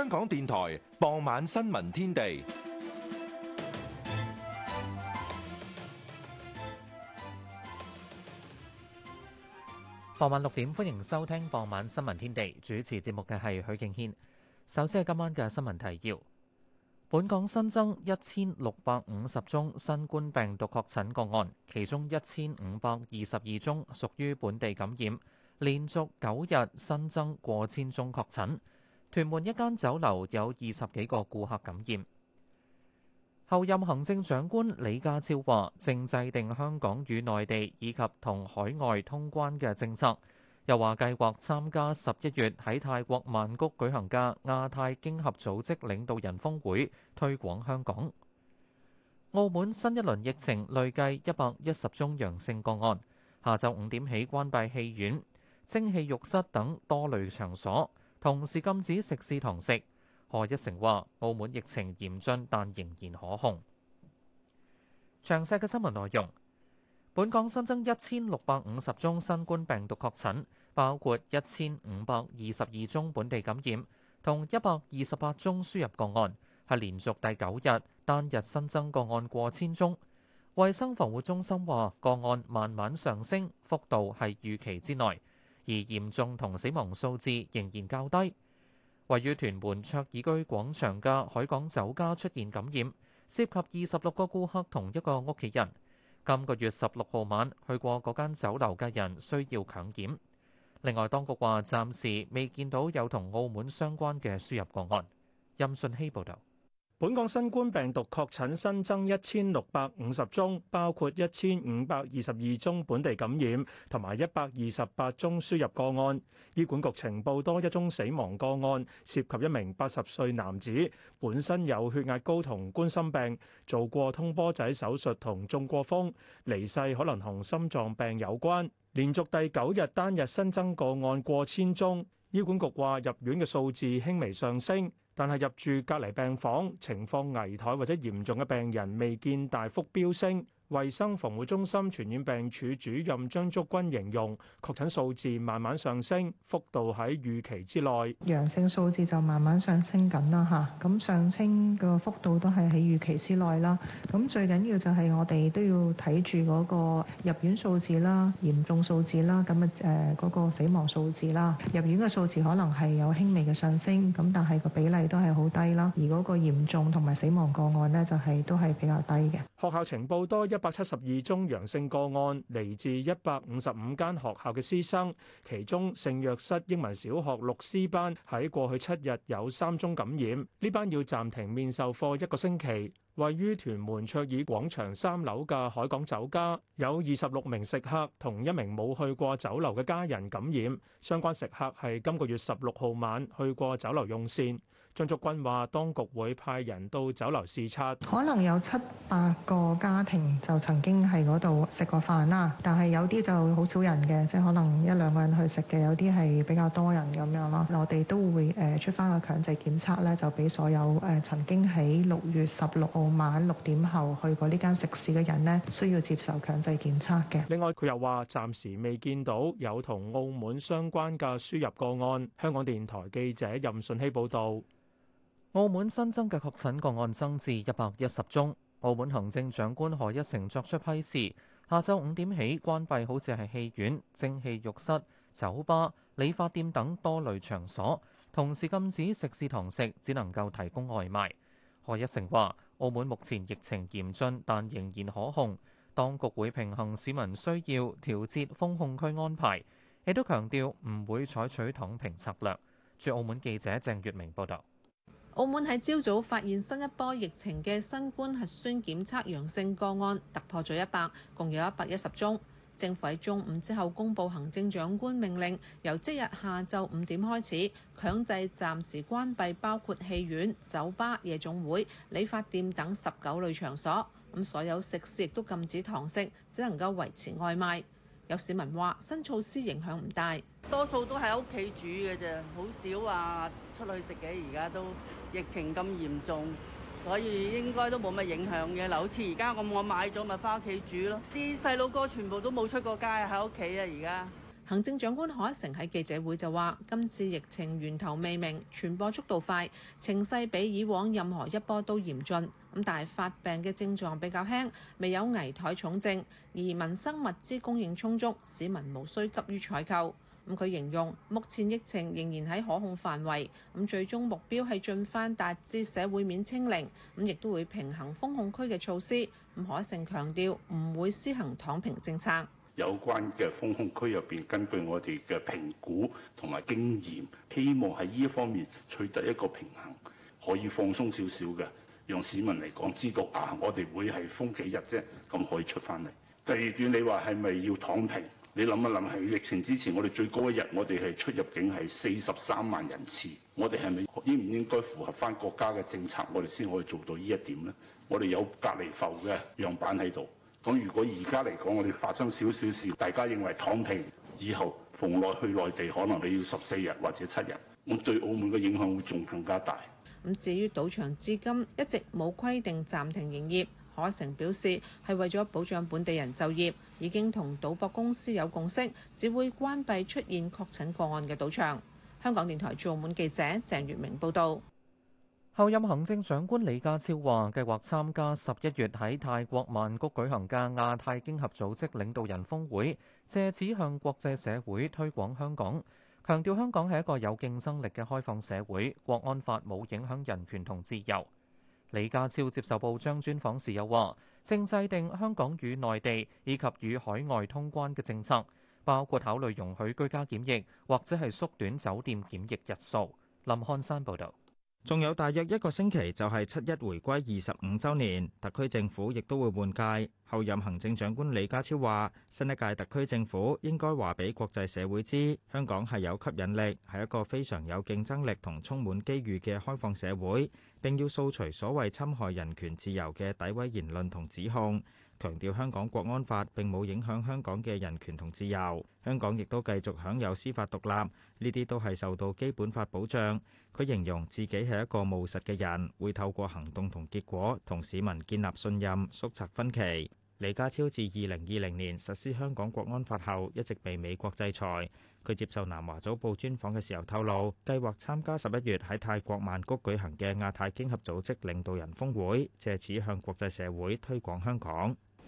香港電台傍晚新聞天地。傍晚六點，歡迎收聽傍晚新聞天地。主持節目嘅係許敬軒。首先係今晚嘅新聞提要：本港新增一千六百五十宗新冠病毒確診個案，其中一千五百二十二宗屬於本地感染，連續九日新增過千宗確診。屯門一間酒樓有二十幾個顧客感染。候任行政長官李家超話，正制定香港與內地以及同海外通關嘅政策。又話計劃參加十一月喺泰國曼谷舉行嘅亞太經合組織領導人峰會，推廣香港。澳門新一輪疫情累計一百一十宗陽性個案。下晝五點起關閉戲院、蒸汽浴室等多類場所。同時禁止食肆堂食。何一成話，澳門疫情嚴峻，但仍然可控。詳細嘅新聞內容，本港新增一千六百五十宗新冠病毒確診，包括一千五百二十二宗本地感染同一百二十八宗輸入個案，係連續第九日單日新增個案過千宗。衛生防護中心話，個案慢慢上升，幅度係預期之內。而嚴重同死亡數字仍然較低。位於屯門卓爾居廣場嘅海港酒家出現感染，涉及二十六個顧客同一個屋企人。今個月十六號晚去過嗰間酒樓嘅人需要強檢。另外，當局話暫時未見到有同澳門相關嘅輸入個案。任信希報道。本港新冠病毒確診新增一千六百五十宗，包括一千五百二十二宗本地感染同埋一百二十八宗輸入個案。醫管局呈報多一宗死亡個案，涉及一名八十歲男子，本身有血壓高同冠心病，做過通波仔手術同中過風，離世可能同心臟病有關。連續第九日單日新增個案過千宗，醫管局話入院嘅數字輕微上升。但係入住隔離病房，情況危殆或者嚴重嘅病人，未見大幅飆升。衛生防護中心傳染病處主任張竹君形容確診數字慢慢上升，幅度喺預期之內。陽性數字就慢慢上升緊啦，吓，咁上升個幅度都係喺預期之內啦。咁最緊要就係我哋都要睇住嗰個入院數字啦、嚴重數字啦、咁啊誒嗰個死亡數字啦。入院嘅數字可能係有輕微嘅上升，咁但係個比例都係好低啦。而嗰個嚴重同埋死亡個案呢，就係都係比較低嘅。學校情報多一。一百七十二宗陽性個案嚟自，一百五十五間學校嘅師生，其中聖若瑟英文小學六 C 班喺過去七日有三宗感染，呢班要暫停面授課一個星期。位於屯門卓爾廣場三樓嘅海港酒家有二十六名食客同一名冇去過酒樓嘅家人感染，相關食客係今個月十六號晚去過酒樓用膳。張竹君話：當局會派人到酒樓視察，可能有七八個家庭就曾經喺嗰度食過飯啦。但係有啲就好少人嘅，即係可能一兩個人去食嘅；有啲係比較多人咁樣咯。我哋都會誒出翻個強制檢測咧，就俾所有誒、呃、曾經喺六月十六號晚六點後去過呢間食肆嘅人呢，需要接受強制檢測嘅。另外，佢又話暫時未見到有同澳門相關嘅輸入個案。香港電台記者任順希報導。澳門新增嘅確診個案增至一百一十宗。澳門行政長官賀一誠作出批示，下晝五點起關閉，好似係戲院、蒸汽浴室、酒吧、理髮店等多類場所，同時禁止食肆堂食，只能夠提供外賣。賀一誠話：澳門目前疫情嚴峻，但仍然可控，當局會平衡市民需要，調節封控區安排。亦都強調唔會採取躺平策略。駐澳門記者鄭月明報道。澳門喺朝早發現新一波疫情嘅新冠核酸檢測陽性個案突破咗一百，共有一百一十宗。政府喺中午之後公佈行政長官命令，由即日下晝五點開始強制暫時關閉包括戲院、酒吧、夜總會、理髮店等十九類場所。咁所有食肆亦都禁止堂食，只能夠維持外賣。有市民話：新措施影響唔大，多數都喺屋企煮嘅啫，好少話出去食嘅。而家都疫情咁嚴重，所以應該都冇乜影響嘅。嗱，好似而家咁，我買咗咪返屋企煮咯。啲細佬哥全部都冇出過街，喺屋企啊！而家行政長官李家超喺記者會就話，今次疫情源頭未明，傳播速度快，情勢比以往任何一波都嚴峻。咁但係發病嘅症狀比較輕，未有危殆重症，而民生物資供應充足，市民無需急於採購。咁佢形容目前疫情仍然喺可控範圍，咁最終目標係進翻達至社會面清零，咁亦都會平衡封控區嘅措施。唔可曾強調唔會施行躺平政策。有關嘅封控區入邊，根據我哋嘅評估同埋經驗，希望喺呢一方面取得一個平衡，可以放鬆少少嘅，讓市民嚟講知道啊，我哋會係封幾日啫，咁可以出翻嚟。第二段你話係咪要躺平？你諗一諗，係疫情之前，我哋最高一日，我哋係出入境係四十三萬人次。我哋係咪應唔應該符合返國家嘅政策，我哋先可以做到呢一點呢？我哋有隔離浮嘅樣板喺度。咁如果而家嚟講，我哋發生少少事，大家認為躺平以後，逢內去內地，可能你要十四日或者七日，咁對澳門嘅影響會仲更加大。咁至於賭場至今一直冇規定暫停營業。可成表示，係為咗保障本地人就業，已經同賭博公司有共識，只會關閉出現確診個案嘅賭場。香港電台駐澳門記者鄭月明報道。後任行政長官李家超話，計劃參加十一月喺泰國曼谷舉行嘅亞太經合組織領導人峰會，藉此向國際社會推廣香港，強調香港係一個有競爭力嘅開放社會，國安法冇影響人權同自由。李家超接受報章專訪時又話，正制定香港與內地以及與海外通關嘅政策，包括考慮容許居家檢疫，或者係縮短酒店檢疫日數。林漢山報道。仲有大約一個星期就係七一回歸二十五周年，特區政府亦都會換屆。候任行政長官李家超話，新一屆特區政府應該話俾國際社會知，香港係有吸引力，係一個非常有競爭力同充滿機遇嘅開放社會，並要掃除所謂侵害人權自由嘅詆毀言論同指控。強調香港國安法並冇影響香港嘅人權同自由，香港亦都繼續享有司法獨立，呢啲都係受到基本法保障。佢形容自己係一個務實嘅人，會透過行動同結果同市民建立信任，縮窄分歧。李家超自二零二零年實施香港國安法後，一直被美國制裁。佢接受南華早報專訪嘅時候透露，計劃參加十一月喺泰國曼谷舉行嘅亞太經合組織領導人峰會，借此向國際社會推廣香港。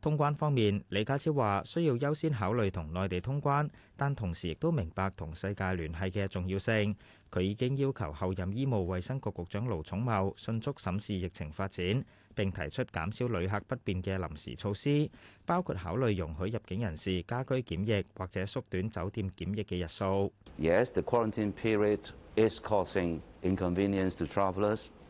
通關方面，李家超話需要優先考慮同內地通關，但同時亦都明白同世界聯繫嘅重要性。佢已經要求後任醫務衛生局局長盧寵茂迅速審視疫情發展，並提出減少旅客不便嘅臨時措施，包括考慮容許入境人士家居檢疫，或者縮短酒店檢疫嘅日數。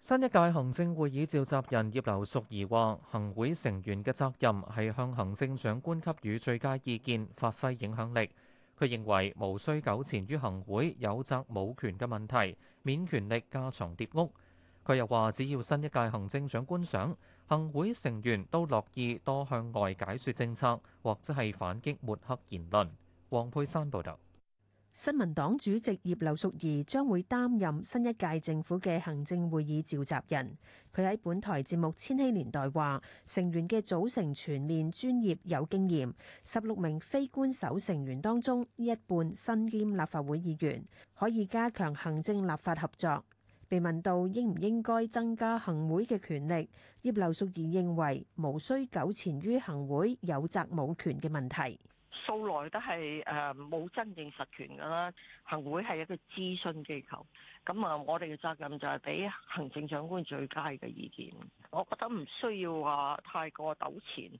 新一屆行政會議召集人葉劉淑儀話：行會成員嘅責任係向行政長官給予最佳意見，發揮影響力。佢認為無需糾纏於行會有責冇權嘅問題，免權力架床疊屋。佢又話：只要新一屆行政長官想，行會成員都樂意多向外解說政策，或者係反擊抹黑言論。黃佩珊報道。新民黨主席葉劉淑儀將會擔任新一屆政府嘅行政會議召集人。佢喺本台節目《千禧年代》話，成員嘅組成全面專業有經驗。十六名非官守成員當中，一半身兼立法會議員，可以加強行政立法合作。被問到應唔應該增加行會嘅權力，葉劉淑儀認為無需糾纏於行會有責冇權嘅問題。素來都係誒冇真正實權㗎啦，行會係一個諮詢機構，咁啊，我哋嘅責任就係俾行政長官最佳嘅意見。我覺得唔需要話、啊、太過糾纏誒、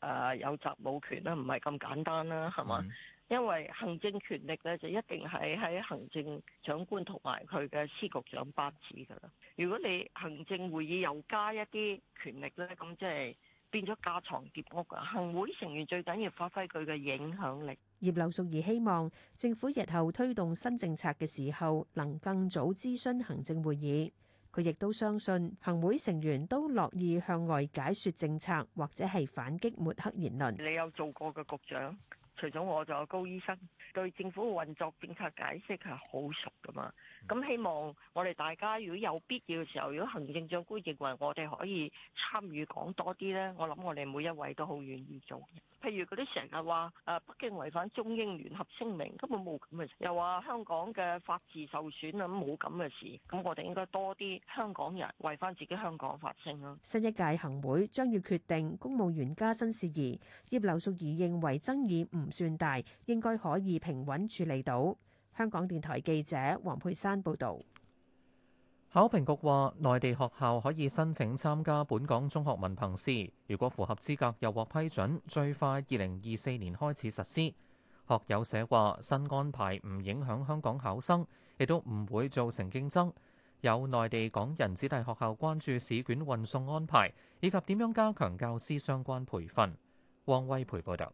呃、有責冇權啦，唔係咁簡單啦，係嘛？嗯、因為行政權力咧就一定係喺行政長官同埋佢嘅司局長班子㗎啦。如果你行政會議又加一啲權力咧，咁即係。變咗架床疊屋啊！行會成員最緊要發揮佢嘅影響力。葉劉淑儀希望政府日後推動新政策嘅時候，能更早諮詢行政會議。佢亦都相信行會成員都樂意向外解説政策，或者係反擊抹黑言論。你有做過嘅局長？除咗我，仲有高醫生對政府運作政策解釋係好熟㗎嘛？咁希望我哋大家如果有必要嘅時候，如果行政長官認為我哋可以參與講多啲呢，我諗我哋每一位都好願意做。譬如嗰啲成日話誒北京違反中英聯合聲明，根本冇咁嘅事，又話香港嘅法治受損啊，冇咁嘅事。咁我哋應該多啲香港人為返自己香港發聲囉！新一屆行會將要決定公務員加薪事宜，葉劉淑儀認為爭議唔算大，應該可以平穩處理到。香港電台記者黃佩珊報道。考評局話內地學校可以申請參加本港中學文憑試，如果符合資格又獲批准，最快二零二四年開始實施。學友社話新安排唔影響香港考生，亦都唔會造成競爭，有內地港人子弟學校關注試卷運送安排以及點樣加強教師相關培訓，汪威培報道。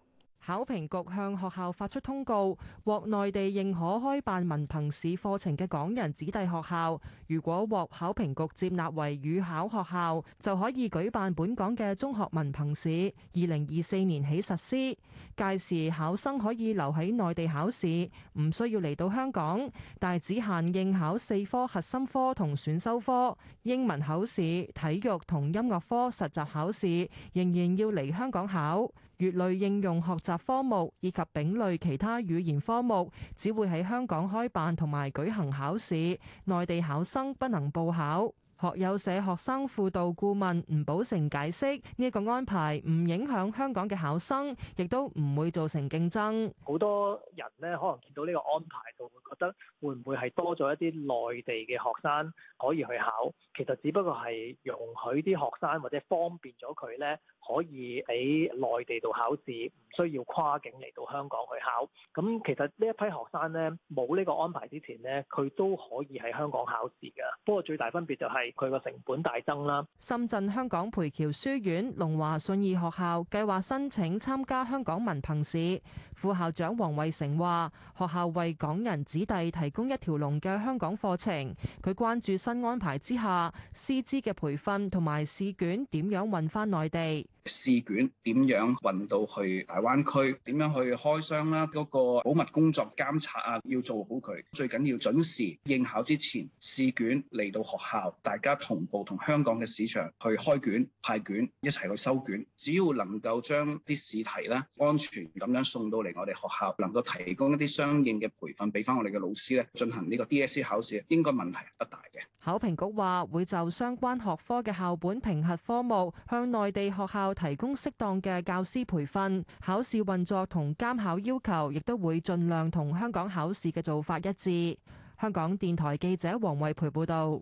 考評局向學校發出通告，獲內地認可開辦文憑試課程嘅港人子弟學校，如果獲考評局接納為與考學校，就可以舉辦本港嘅中學文憑試。二零二四年起實施，屆時考生可以留喺內地考試，唔需要嚟到香港，但只限應考四科核心科同選修科，英文考試、體育同音樂科實習考試仍然要嚟香港考。乙類應用學習科目以及丙類其他語言科目，只會喺香港開辦同埋舉行考試，內地考生不能報考。學友社學生輔導顧問吳保成解釋呢一個安排唔影響香港嘅考生，亦都唔會造成競爭，好多人咧可能見到呢個安排就會覺得會唔會，係多咗一啲內地嘅學生可以去考？其實只不過，係容許啲學生或者方便咗佢咧。可以喺內地度考試，唔需要跨境嚟到香港去考。咁其實呢一批學生呢，冇呢個安排之前呢，佢都可以喺香港考試嘅。不過最大分別就係佢個成本大增啦。深圳香港培僑書院龍華信義學校計劃申請參加香港文憑試。副校長黃慧成話：學校為港人子弟提供一條龍嘅香港課程。佢關注新安排之下，師資嘅培訓同埋試卷點樣運返內地。試卷點樣運到去大灣區？點樣去開箱啦？嗰個保密工作監察啊，要做好佢。最緊要準時應考之前，試卷嚟到學校，大家同步同香港嘅市場去開卷、派卷，一齊去收卷。只要能夠將啲試題啦，安全咁樣送到嚟我哋學校，能夠提供一啲相應嘅培訓俾翻我哋嘅老師咧，進行呢個 DSE 考試，應該問題不大嘅。考評局話會就相關學科嘅校本評核科目向內地學校。提供適當嘅教師培訓、考試運作同監考要求，亦都會盡量同香港考試嘅做法一致。香港電台記者黃惠培報導。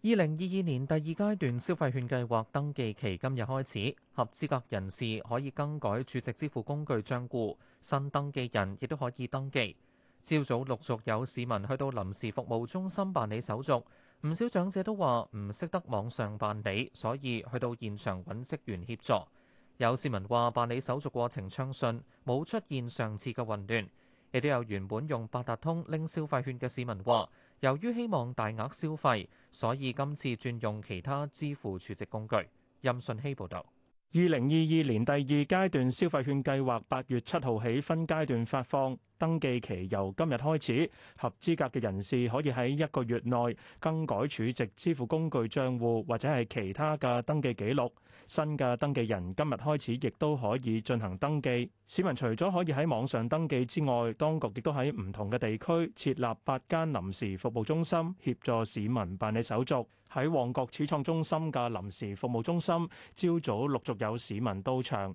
二零二二年第二階段消費券計劃登記期今日開始，合資格人士可以更改儲值支付工具賬戶，新登記人亦都可以登記。朝早陸續有市民去到臨時服務中心辦理手續。唔少長者都話唔識得網上辦理，所以去到現場揾職員協助。有市民話辦理手續過程暢順，冇出現上次嘅混亂。亦都有原本用八達通拎消費券嘅市民話，由於希望大額消費，所以今次轉用其他支付儲值工具。任信希報導。二零二二年第二階段消費券計劃八月七號起分階段發放，登記期由今日開始。合資格嘅人士可以喺一個月內更改儲值支付工具賬戶或者係其他嘅登記記錄。新嘅登記人今日開始亦都可以進行登記。市民除咗可以喺網上登記之外，當局亦都喺唔同嘅地區設立八間臨時服務中心，協助市民辦理手續。喺旺角始創中心嘅臨時服務中心，朝早陸續有市民到場。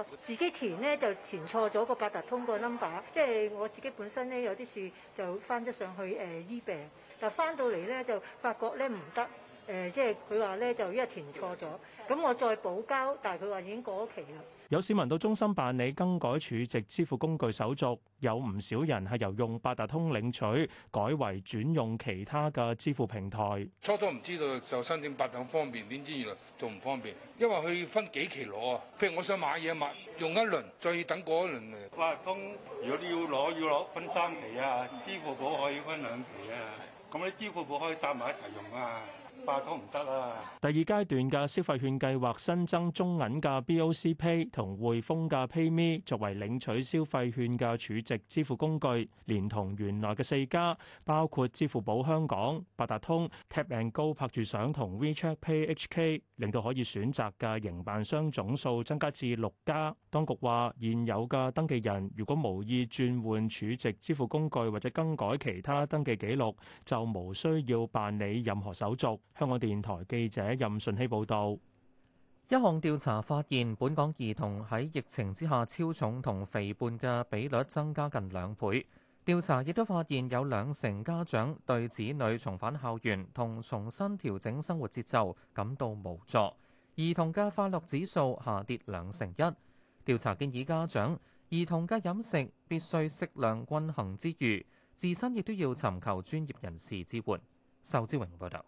自己填咧，就填錯咗個八達通個 number，即係我自己本身咧，有啲事就翻咗上去誒醫病，但翻到嚟咧，就發覺咧唔得，誒、呃，即係佢話咧，就因為填錯咗，咁我再補交，但係佢話已經過咗期啦。有市民到中心辦理更改儲值支付工具手續，有唔少人係由用八達通領取改為轉用其他嘅支付平台。初初唔知道就申請八達通方便，點知原來仲唔方便，因為佢要分幾期攞啊。譬如我想買嘢買，用一輪，再等過一輪嚟。八達通，如果你要攞要攞分三期啊，支付寶可以分兩期啊，咁你支付寶可以搭埋一齊用啊。八唔得啊！第二階段嘅消費券計劃新增中銀嘅 BoC Pay 同匯豐嘅 PayMe 作為領取消費券嘅儲值支付工具，連同原來嘅四家，包括支付寶香港、八達通、Tap and Go 拍住賞同 WeChat Pay HK，令到可以選擇嘅營辦商總數增加至六家。當局話，現有嘅登記人如果無意轉換儲值支付工具或者更改其他登記記錄，就無需要辦理任何手續。香港電台記者任順希報道，一項調查發現，本港兒童喺疫情之下超重同肥胖嘅比率增加近兩倍。調查亦都發現有兩成家長對子女重返校園同重新調整生活節奏感到無助，兒童嘅快樂指數下跌兩成一。調查建議家長，兒童嘅飲食必須適量均衡之餘，自身亦都要尋求專業人士支援。仇志榮報道。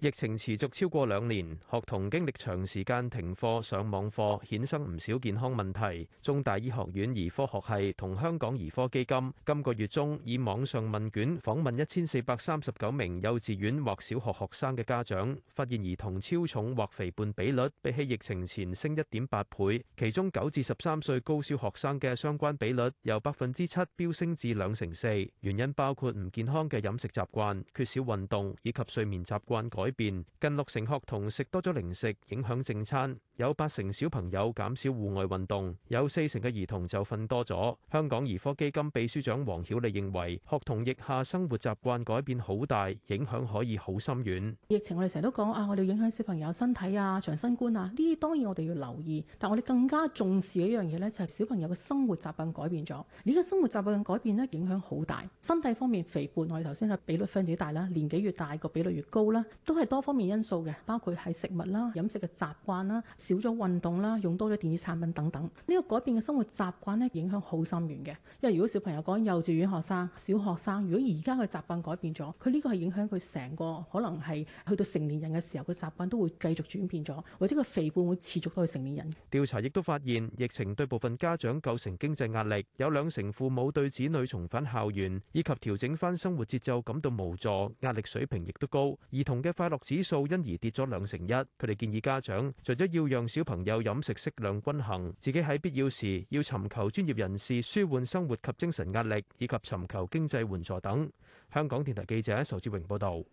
疫情持續超過兩年，學童經歷長時間停課上網課，衍生唔少健康問題。中大醫學院兒科學系同香港兒科基金今個月中以網上問卷訪問一千四百三十九名幼稚園或小學學生嘅家長，發現兒童超重或肥胖比率比起疫情前升一點八倍，其中九至十三歲高小學生嘅相關比率由百分之七飆升至兩成四。原因包括唔健康嘅飲食習慣、缺少運動以及睡眠習慣改，改改變，近六成學童食多咗零食，影響正餐；有八成小朋友減少戶外運動；有四成嘅兒童就瞓多咗。香港兒科基金秘書長黃曉麗認為，學童疫下生活習慣改變好大，影響可以好深遠。疫情我哋成日都講啊，我哋影響小朋友身體啊、長身觀啊，呢啲當然我哋要留意，但我哋更加重視一樣嘢咧，就係小朋友嘅生活習慣改變咗。呢個生活習慣改變咧，影響好大，身體方面肥胖，我哋頭先嘅比率非常大啦，年紀越大個比率越高啦，都。都係多方面因素嘅，包括係食物啦、飲食嘅習慣啦、少咗運動啦、用多咗電子產品等等。呢個改變嘅生活習慣呢，影響好深遠嘅。因為如果小朋友講幼稚園學生、小學生，如果而家嘅習慣改變咗，佢呢個係影響佢成個，可能係去到成年人嘅時候，佢習慣都會繼續轉變咗，或者個肥胖會持續到去成年人。調查亦都發現，疫情對部分家長構成經濟壓力，有兩成父母對子女重返校園以及調整翻生活節奏感到無助，壓力水平亦都高。兒童嘅發快樂指數因而跌咗兩成一。佢哋建議家長，除咗要讓小朋友飲食適量均衡，自己喺必要時要尋求專業人士舒緩生活及精神壓力，以及尋求經濟援助等。香港電台記者仇志榮報導。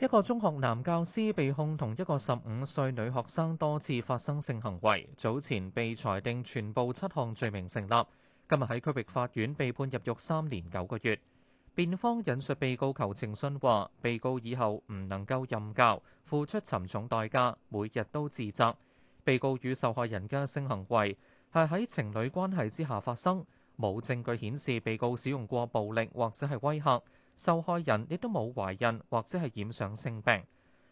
一個中學男教師被控同一個十五歲女學生多次發生性行為，早前被裁定全部七項罪名成立，今日喺區域法院被判入獄三年九個月。辯方引述被告求情信話，被告以後唔能夠任教，付出沉重代價，每日都自責。被告與受害人嘅性行為係喺情侶關係之下發生，冇證據顯示被告使用過暴力或者係威吓，受害人亦都冇懷孕或者係染上性病。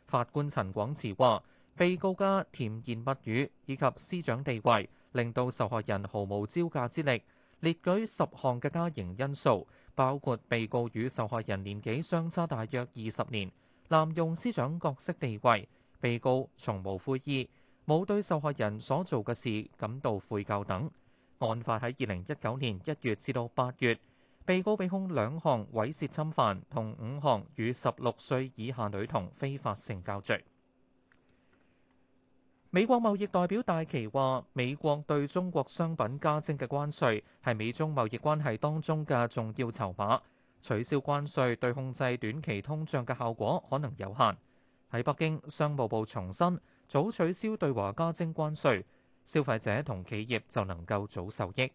法官陳廣池話，被告嘅甜言蜜語以及師長地位令到受害人毫無招架之力，列舉十項嘅加刑因素。包括被告與受害人年紀相差大約二十年，濫用司長角色地位，被告從無悔意，冇對受害人所做嘅事感到悔疚等。案發喺二零一九年一月至到八月，被告被控兩項猥褻侵犯同五項與十六歲以下女童非法性交罪。美國貿易代表戴琪話：美國對中國商品加徵嘅關稅係美中貿易關係當中嘅重要籌碼。取消關稅對控制短期通脹嘅效果可能有限。喺北京，商務部重申早取消對華加徵關稅，消費者同企業就能夠早受益。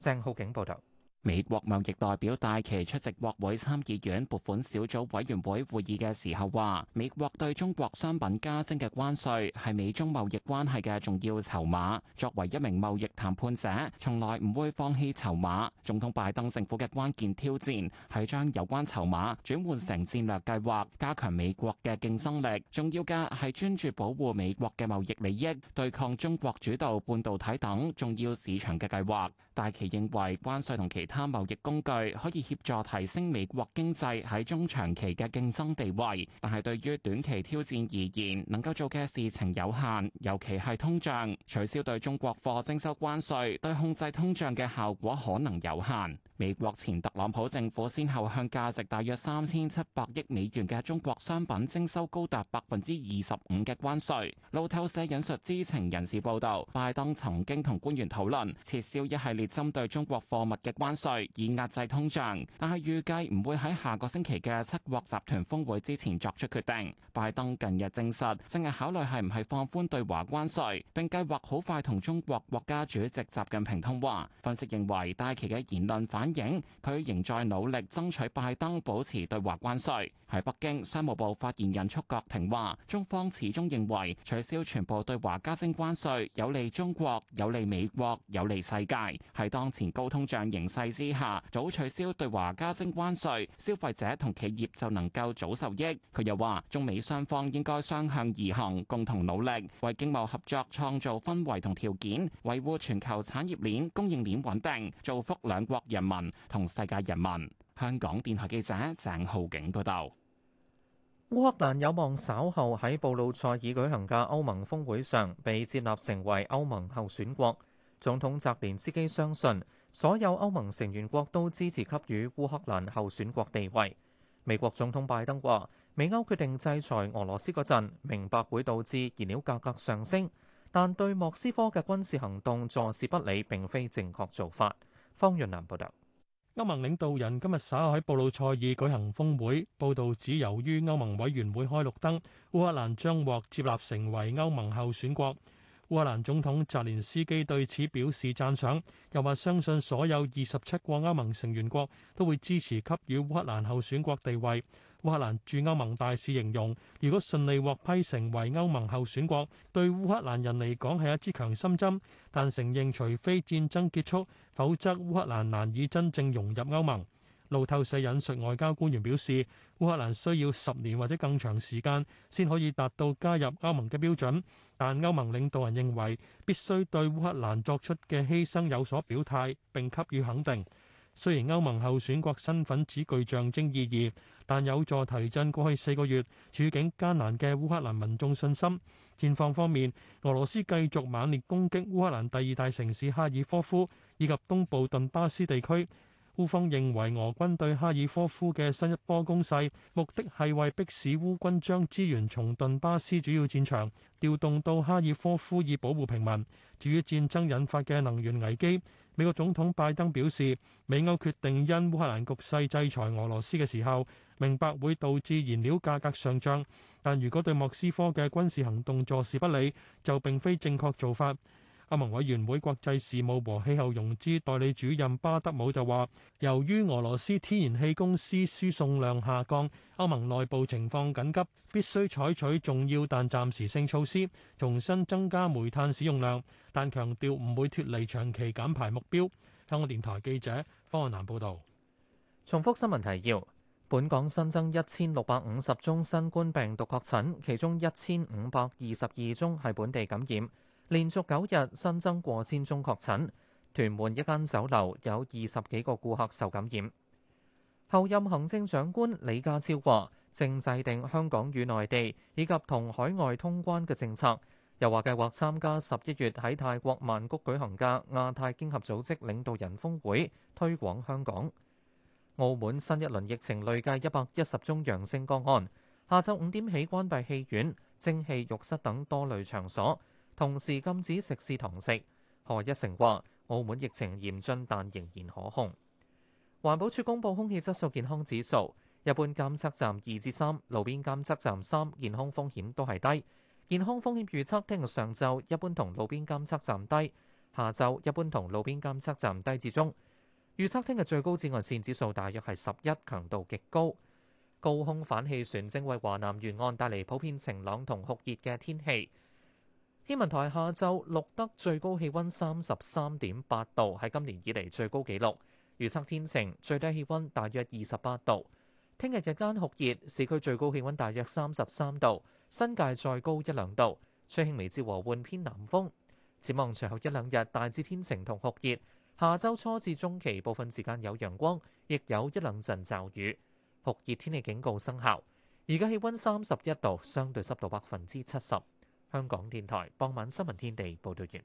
鄭浩景報導。美國貿易代表戴奇出席國會參議院撥款小組委員會會議嘅時候話，美國對中國商品加徵嘅關稅係美中貿易關係嘅重要籌碼。作為一名貿易談判者，從來唔會放棄籌碼。總統拜登政府嘅關鍵挑戰係將有關籌碼轉換成戰略計劃，加強美國嘅競爭力。重要嘅係專注保護美國嘅貿易利益，對抗中國主導半導體等重要市場嘅計劃。戴奇認為關稅同其其他貿易工具可以協助提升美國經濟喺中長期嘅競爭地位，但係對於短期挑戰而言，能夠做嘅事情有限，尤其係通脹。取消對中國貨徵收關稅，對控制通脹嘅效果可能有限。美國前特朗普政府先後向價值大約三千七百億美元嘅中國商品徵收高達百分之二十五嘅關稅。路透社引述知情人士報道，拜登曾經同官員討論撤銷一系列針對中國貨物嘅關稅。稅以壓制通脹，但係預計唔會喺下個星期嘅七國集團峰會之前作出決定。拜登近日證實正係考慮係唔係放寬對華關稅，並計劃好快同中國國家主席習近平通話。分析認為，戴琪嘅言論反映佢仍在努力爭取拜登保持對華關稅。喺北京，商務部發言人束國婷話：中方始終認為取消全部對華加徵關稅有利中國、有利美國、有利世界。喺當前高通脹形勢，之下，早取消對華加徵關稅，消費者同企業就能夠早受益。佢又話中美雙方應該雙向而行，共同努力，為經貿合作創造氛圍同條件，維護全球產業鏈供應鏈穩定，造福兩國人民同世界人民。香港電台記者鄭浩景報道。烏克蘭有望稍後喺布魯塞爾舉行嘅歐盟峰會上，被接納成為歐盟候選國。總統澤連斯基相信，所有歐盟成員國都支持給予烏克蘭候選國地位。美國總統拜登話：美歐決定制裁俄羅斯嗰陣，明白會導致燃料價格上升，但對莫斯科嘅軍事行動坐視不理，並非正確做法。方潤南報導。歐盟領導人今日稍後喺布魯塞爾舉行峰會，報導指由於歐盟委員會開綠燈，烏克蘭將獲接納成為歐盟候選國。烏克蘭總統澤連斯基對此表示讚賞，又話相信所有二十七個歐盟成員國都會支持給予烏克蘭候選國地位。烏克蘭駐歐盟大使形容，如果順利獲批成為歐盟候選國，對烏克蘭人嚟講係一支強心針，但承認除非戰爭結束，否則烏克蘭難以真正融入歐盟。路透社引述外交官員表示，烏克蘭需要十年或者更長時間先可以達到加入歐盟嘅標準。但歐盟領導人認為必須對烏克蘭作出嘅犧牲有所表態，並給予肯定。雖然歐盟候選國身份只具象徵意義，但有助提振過去四個月處境艱難嘅烏克蘭民眾信心。戰況方面，俄羅斯繼續猛烈攻擊烏克蘭第二大城市哈爾科夫，以及東部頓巴斯地區。烏方認為俄軍對哈爾科夫嘅新一波攻勢，目的係為迫使烏軍將資源從頓巴斯主要戰場調動到哈爾科夫以保護平民。至於戰爭引發嘅能源危機，美國總統拜登表示，美歐決定因烏克蘭局勢制裁俄羅斯嘅時候，明白會導致燃料價格上漲，但如果對莫斯科嘅軍事行動坐視不理，就並非正確做法。歐盟委員會國際事務和氣候融資代理主任巴德姆就話，由於俄羅斯天然氣公司輸送量下降，歐盟內部情況緊急，必須採取重要但暫時性措施，重新增加煤炭使用量，但強調唔會脫離長期減排目標。香港電台記者方瀚南報道。重複新聞提要：本港新增一千六百五十宗新冠病毒確診，其中一千五百二十二宗係本地感染。連續九日新增過千宗確診，屯門一間酒樓有二十幾個顧客受感染。候任行政長官李家超話，正制定香港與內地以及同海外通關嘅政策。又話計劃參加十一月喺泰國曼谷舉行嘅亞太經合組織領導人峰會，推廣香港。澳門新一輪疫情累計一百一十宗陽性個案，下晝五點起關閉戲院、蒸氣浴室等多類場所。同時禁止食肆堂食。何一成話：澳門疫情嚴峻，但仍然可控。環保署公布空氣質素健康指數，一般監測站二至三，路邊監測站三，健康風險都係低。健康風險預測聽日上晝一般同路邊監測站低，下晝一般同路邊監測站低至中。預測聽日最高紫外線指數大約係十一，強度極高。高空反氣旋正為華南沿岸帶嚟普遍晴朗同酷熱嘅天氣。天文台下晝錄得最高氣温三十三點八度，係今年以嚟最高紀錄。預測天晴，最低氣温大約二十八度。聽日日間酷熱，市區最高氣温大約三十三度，新界再高一兩度。吹輕微至和緩偏南風。展望隨後一兩日大致天晴同酷熱，下週初至中期部分時間有陽光，亦有一兩陣驟雨。酷熱天氣警告生效。而家氣温三十一度，相對濕度百分之七十。香港電台傍晚新聞天地報道完。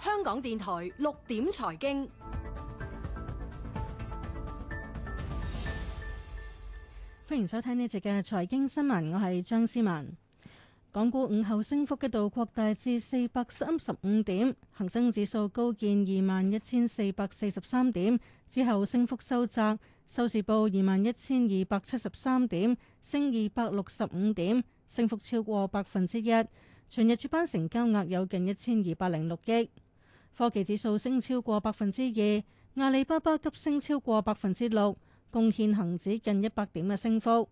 香港電台六點財經，歡迎收聽呢集嘅財經新聞，我係張思文。港股午後升幅一度擴大至四百三十五點，恒生指數高見二萬一千四百四十三點，之後升幅收窄。收市報二萬一千二百七十三點，升二百六十五點，升幅超過百分之一。全日主板成交額有近一千二百零六億。科技指數升超過百分之二，阿里巴巴急升超過百分之六，貢獻恒指近一百點嘅升幅。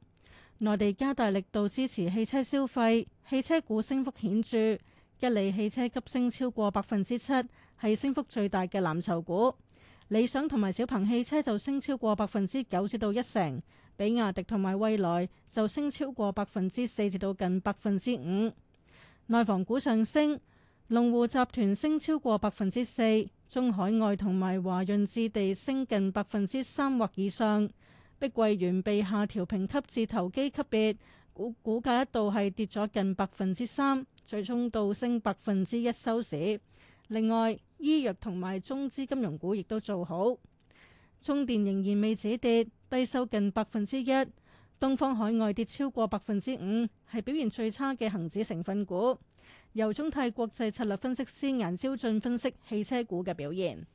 內地加大力度支持汽車消費，汽車股升幅顯著，吉利汽車急升超過百分之七，係升幅最大嘅藍籌股。理想同埋小鵬汽車就升超過百分之九至到一成，比亞迪同埋蔚來就升超過百分之四至到近百分之五。內房股上升，龍湖集團升超過百分之四，中海外同埋華潤置地升近百分之三或以上。碧桂園被下調評級至投機級別，股股價一度係跌咗近百分之三，最終到升百分之一收市。另外，醫藥同埋中資金融股亦都做好，中電仍然未止跌，低收近百分之一。東方海外跌超過百分之五，係表現最差嘅恒指成分股。由中泰國際策略分析師顏招駿分析汽車股嘅表現。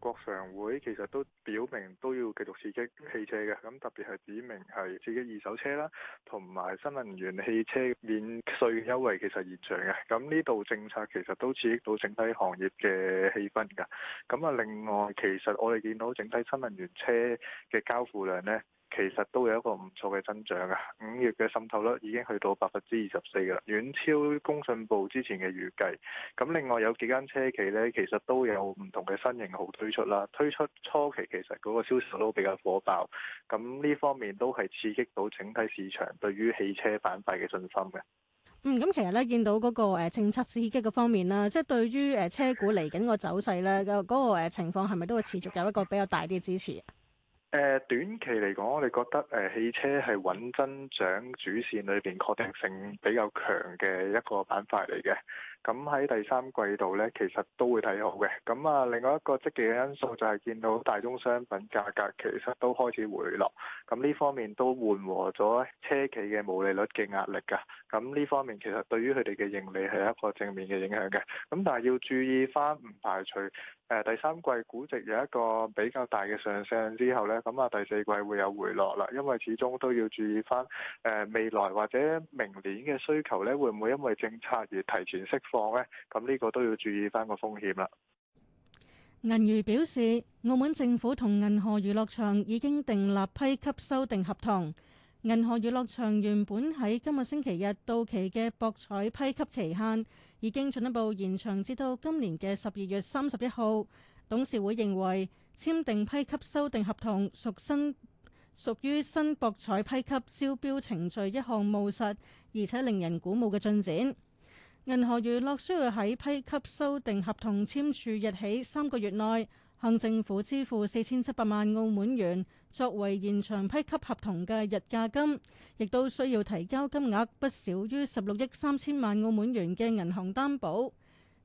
國常會其實都表明都要繼續刺激汽車嘅，咁特別係指明係刺激二手車啦，同埋新能源汽車免稅優惠其實延長嘅，咁呢度政策其實都刺激到整體行業嘅氣氛㗎。咁啊，另外其實我哋見到整體新能源車嘅交付量呢。其實都有一個唔錯嘅增長㗎。五月嘅滲透率已經去到百分之二十四㗎啦，遠超工信部之前嘅預計。咁另外有幾間車企咧，其實都有唔同嘅新型號推出啦。推出初期其實嗰個銷售都比較火爆，咁呢方面都係刺激到整體市場對於汽車板塊嘅信心嘅。嗯，咁其實咧見到嗰個誒政策刺激嘅方面啦，即係對於誒車股嚟緊個走勢咧，嗰個誒情況係咪都會持續有一個比較大啲嘅支持？誒、呃、短期嚟講，我哋覺得誒、呃、汽車係穩增長主線裏邊確定性比較強嘅一個板塊嚟嘅。咁喺第三季度咧，其實都會睇好嘅。咁啊，另外一個積極嘅因素就係見到大宗商品價格其實都開始回落，咁呢方面都緩和咗車企嘅毛利率嘅壓力㗎。咁呢方面其實對於佢哋嘅盈利係一個正面嘅影響嘅。咁但係要注意翻，唔排除誒、呃、第三季估值有一個比較大嘅上升之後咧，咁啊第四季會有回落啦。因為始終都要注意翻誒、呃、未來或者明年嘅需求咧，會唔會因為政策而提前釋放咧，咁呢個都要注意返個風險啦。銀娛表示，澳門政府同銀河娛樂場已經訂立批級修訂合同。銀河娛樂場原本喺今個星期日到期嘅博彩批級期限，已經進一步延長至到今年嘅十二月三十一號。董事會認為，簽訂批級修訂合同屬新屬於新博彩批級招標程序一項務實而且令人鼓舞嘅進展。銀河娛樂需要喺批級修訂合同簽署日起三個月內，向政府支付四千七百萬澳門元作為延長批級合同嘅日價金，亦都需要提交金額不少於十六億三千萬澳門元嘅銀行擔保。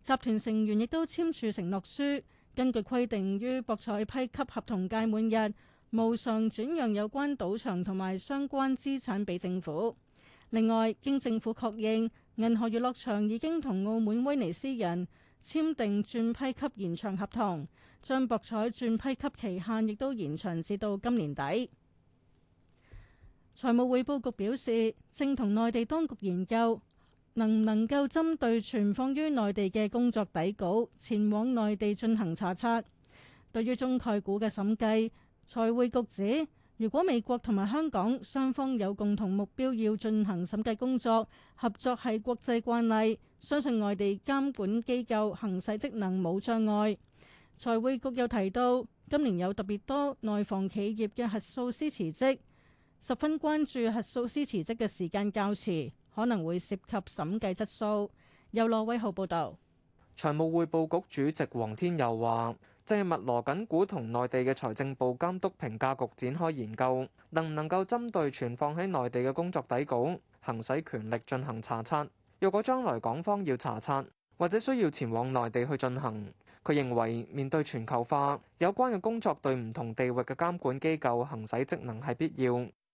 集團成員亦都簽署承諾書，根據規定於博彩批級合同屆滿日無償轉讓有關賭場同埋相關資產俾政府。另外，經政府確認。銀河娛樂場已經同澳門威尼斯人簽訂轉批級延長合同，將博彩轉批級期限亦都延長至到今年底。財務匯報局表示，正同內地當局研究，能唔能夠針對存放於內地嘅工作底稿，前往內地進行查冊。對於中概股嘅審計，財匯局指。如果美國同埋香港雙方有共同目標要進行審計工作，合作係國際慣例，相信外地監管機構行使職能冇障礙。財匯局又提到，今年有特別多內房企業嘅核數師辭職，十分關注核數師辭職嘅時間較遲，可能會涉及審計質素。由羅偉浩報導。財務匯報局主席黃天佑話。即係密鑼緊鼓同內地嘅財政部監督評價局展開研究，能唔能夠針對存放喺內地嘅工作底稿行使權力進行查冊。若果將來港方要查冊或者需要前往內地去進行，佢認為面對全球化，有關嘅工作對唔同地域嘅監管機構行使職能係必要。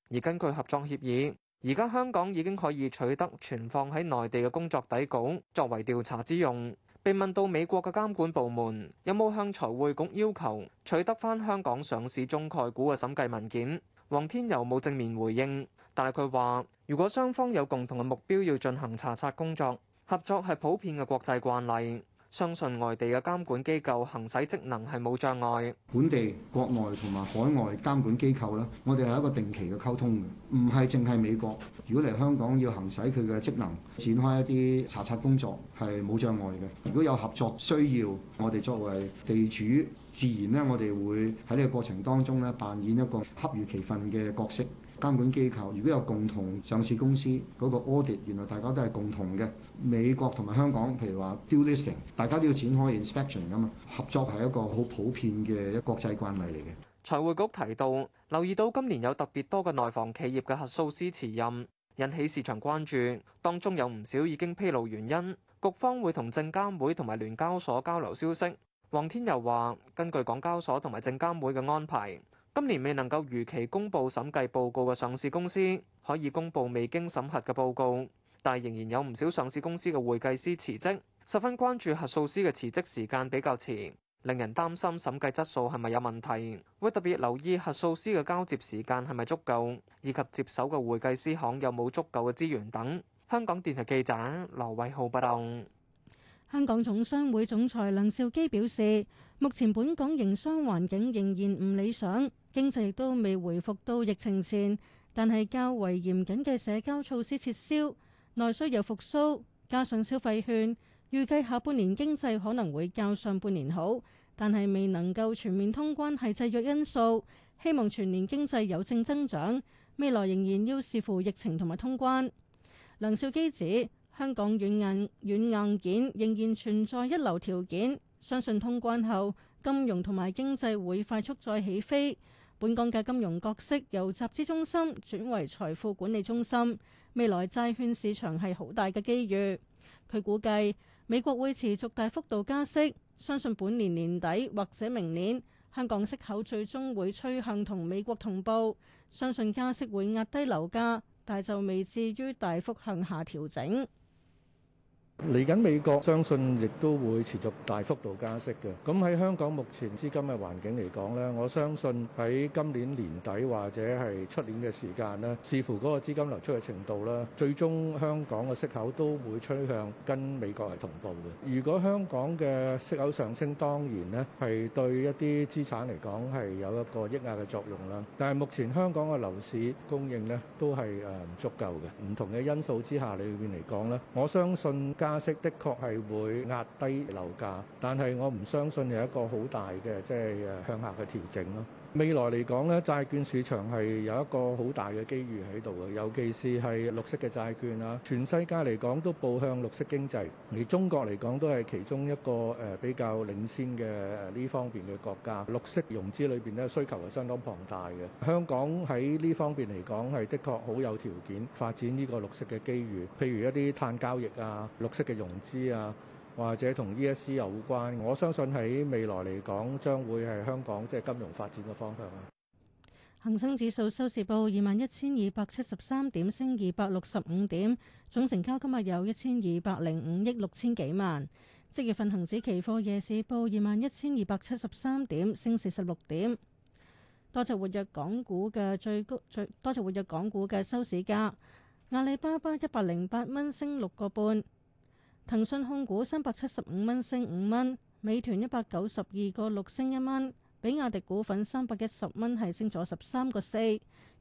而根據合作協議，而家香港已經可以取得存放喺內地嘅工作底稿作為調查之用。被問到美國嘅監管部門有冇向財匯局要求取得返香港上市中概股嘅審計文件，黃天佑冇正面回應，但係佢話：如果雙方有共同嘅目標，要進行查察工作，合作係普遍嘅國際慣例。相信外地嘅監管機構行使職能係冇障礙，本地、國內同埋海外監管機構咧，我哋係一個定期嘅溝通嘅，唔係淨係美國，如果嚟香港要行使佢嘅職能，展開一啲查察工作係冇障礙嘅。如果有合作需要，我哋作為地主，自然咧我哋會喺呢個過程當中咧扮演一個恰如其分嘅角色。監管機構如果有共同上市公司嗰個 audit，原來大家都係共同嘅。美國同埋香港，譬如話 dual listing，大家都要展開 inspection 噶嘛。合作係一個好普遍嘅一國際慣例嚟嘅。財匯局提到，留意到今年有特別多嘅內房企業嘅核數師辭任，引起市場關注。當中有唔少已經披露原因，局方會同證監會同埋聯交所交流消息。黃天佑話：根據港交所同埋證監會嘅安排。今年未能夠如期公佈審計報告嘅上市公司可以公佈未經審核嘅報告，但仍然有唔少上市公司嘅會計師辭職，十分關注核數師嘅辭職時間比較遲，令人擔心審計質素係咪有問題。會特別留意核數師嘅交接時間係咪足夠，以及接手嘅會計師行有冇足夠嘅資源等。香港電台記者羅偉浩報道。香港總商會總裁梁兆基表示，目前本港營商環境仍然唔理想，經濟亦都未回復到疫情前。但係較為嚴謹嘅社交措施撤銷，內需有復甦，加上消費券，預計下半年經濟可能會較上半年好。但係未能夠全面通關係制約因素，希望全年經濟有正增長。未來仍然要視乎疫情同埋通關。梁兆基指。香港軟硬軟硬件仍然存在一流條件，相信通關後金融同埋經濟會快速再起飛。本港嘅金融角色由集資中心轉為財富管理中心，未來債券市場係好大嘅機遇。佢估計美國會持續大幅度加息，相信本年年底或者明年香港息口最終會趨向同美國同步。相信加息會壓低樓價，但就未至於大幅向下調整。嚟緊美國，相信亦都會持續大幅度加息嘅。咁喺香港目前資金嘅環境嚟講咧，我相信喺今年年底或者係出年嘅時間咧，視乎嗰個資金流出嘅程度咧，最終香港嘅息口都會趨向跟美國係同步嘅。如果香港嘅息口上升，當然咧係對一啲資產嚟講係有一個抑壓嘅作用啦。但係目前香港嘅樓市供應咧都係誒唔足夠嘅。唔同嘅因素之下裏面嚟講咧，我相信加加息的確係會壓低樓價，但係我唔相信有一個好大嘅，即係誒向下嘅調整咯。未來嚟講咧，債券市場係有一個好大嘅機遇喺度嘅，尤其是係綠色嘅債券啊。全世界嚟講都步向綠色經濟，而中國嚟講都係其中一個誒比較領先嘅誒呢方面嘅國家。綠色融資裏邊咧，需求係相當龐大嘅。香港喺呢方面嚟講係的確好有條件發展呢個綠色嘅機遇，譬如一啲碳交易啊、綠色嘅融資啊。或者同 E.S.C 有關，我相信喺未來嚟講，將會係香港即係，就是，金融發展嘅方向。恒生指數收市報二萬一千二百七十三點，升二百六十五點，總成交今日有一千二百零五億六千幾萬。即月份恆指期貨夜市報二萬一千二百七十三點，升四十六點。多隻活躍港股嘅最高，最多隻活躍港股嘅收市價，阿里巴巴一百零八蚊，升六個半。騰訊控股三百七十五蚊升五蚊，美團一百九十二個六升一蚊，比亞迪股份三百一十蚊係升咗十三個四，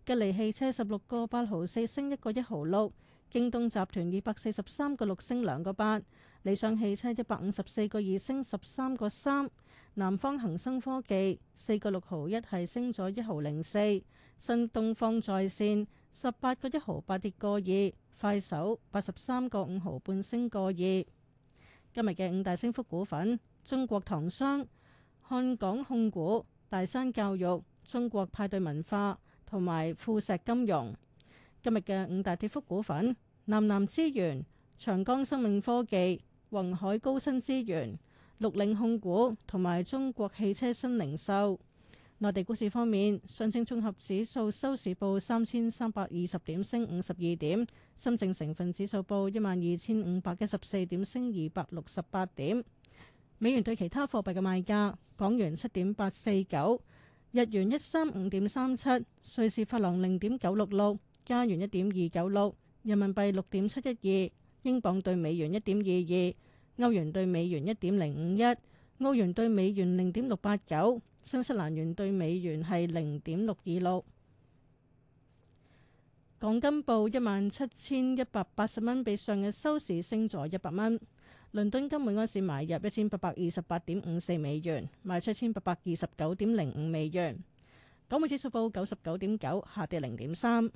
吉利汽車十六個八毫四升一個一毫六，京東集團二百四十三個六升兩個八，理想汽車一百五十四個二升十三個三，南方恒生科技四個六毫一係升咗一毫零四，新東方在線十八個一毫八跌個二。快手八十三個五毫半升個二。今日嘅五大升幅股份：中國唐商、漢港控股、大山教育、中國派對文化同埋富石金融。今日嘅五大跌幅股份：南南資源、長江生命科技、宏海高新資源、綠領控股同埋中國汽車新零售。內地股市方面，上證綜合指數收市報三千三百二十點，升五十二點；深證成分指數報一萬二千五百一十四點，升二百六十八點。美元對其他貨幣嘅賣價：港元七點八四九，日元一三五點三七，瑞士法郎零點九六六，加元一點二九六，人民幣六點七一二，英鎊對美元一點二二，歐元對美元一點零五一。澳元兌美元零點六八九，新西蘭元兌美元係零點六二六。港金報一萬七千一百八十蚊，比上日收市升咗一百蚊。倫敦金每盎司買入一千八百二十八點五四美元，賣出一千八百二十九點零五美元。港匯指數報九十九點九，下跌零點三。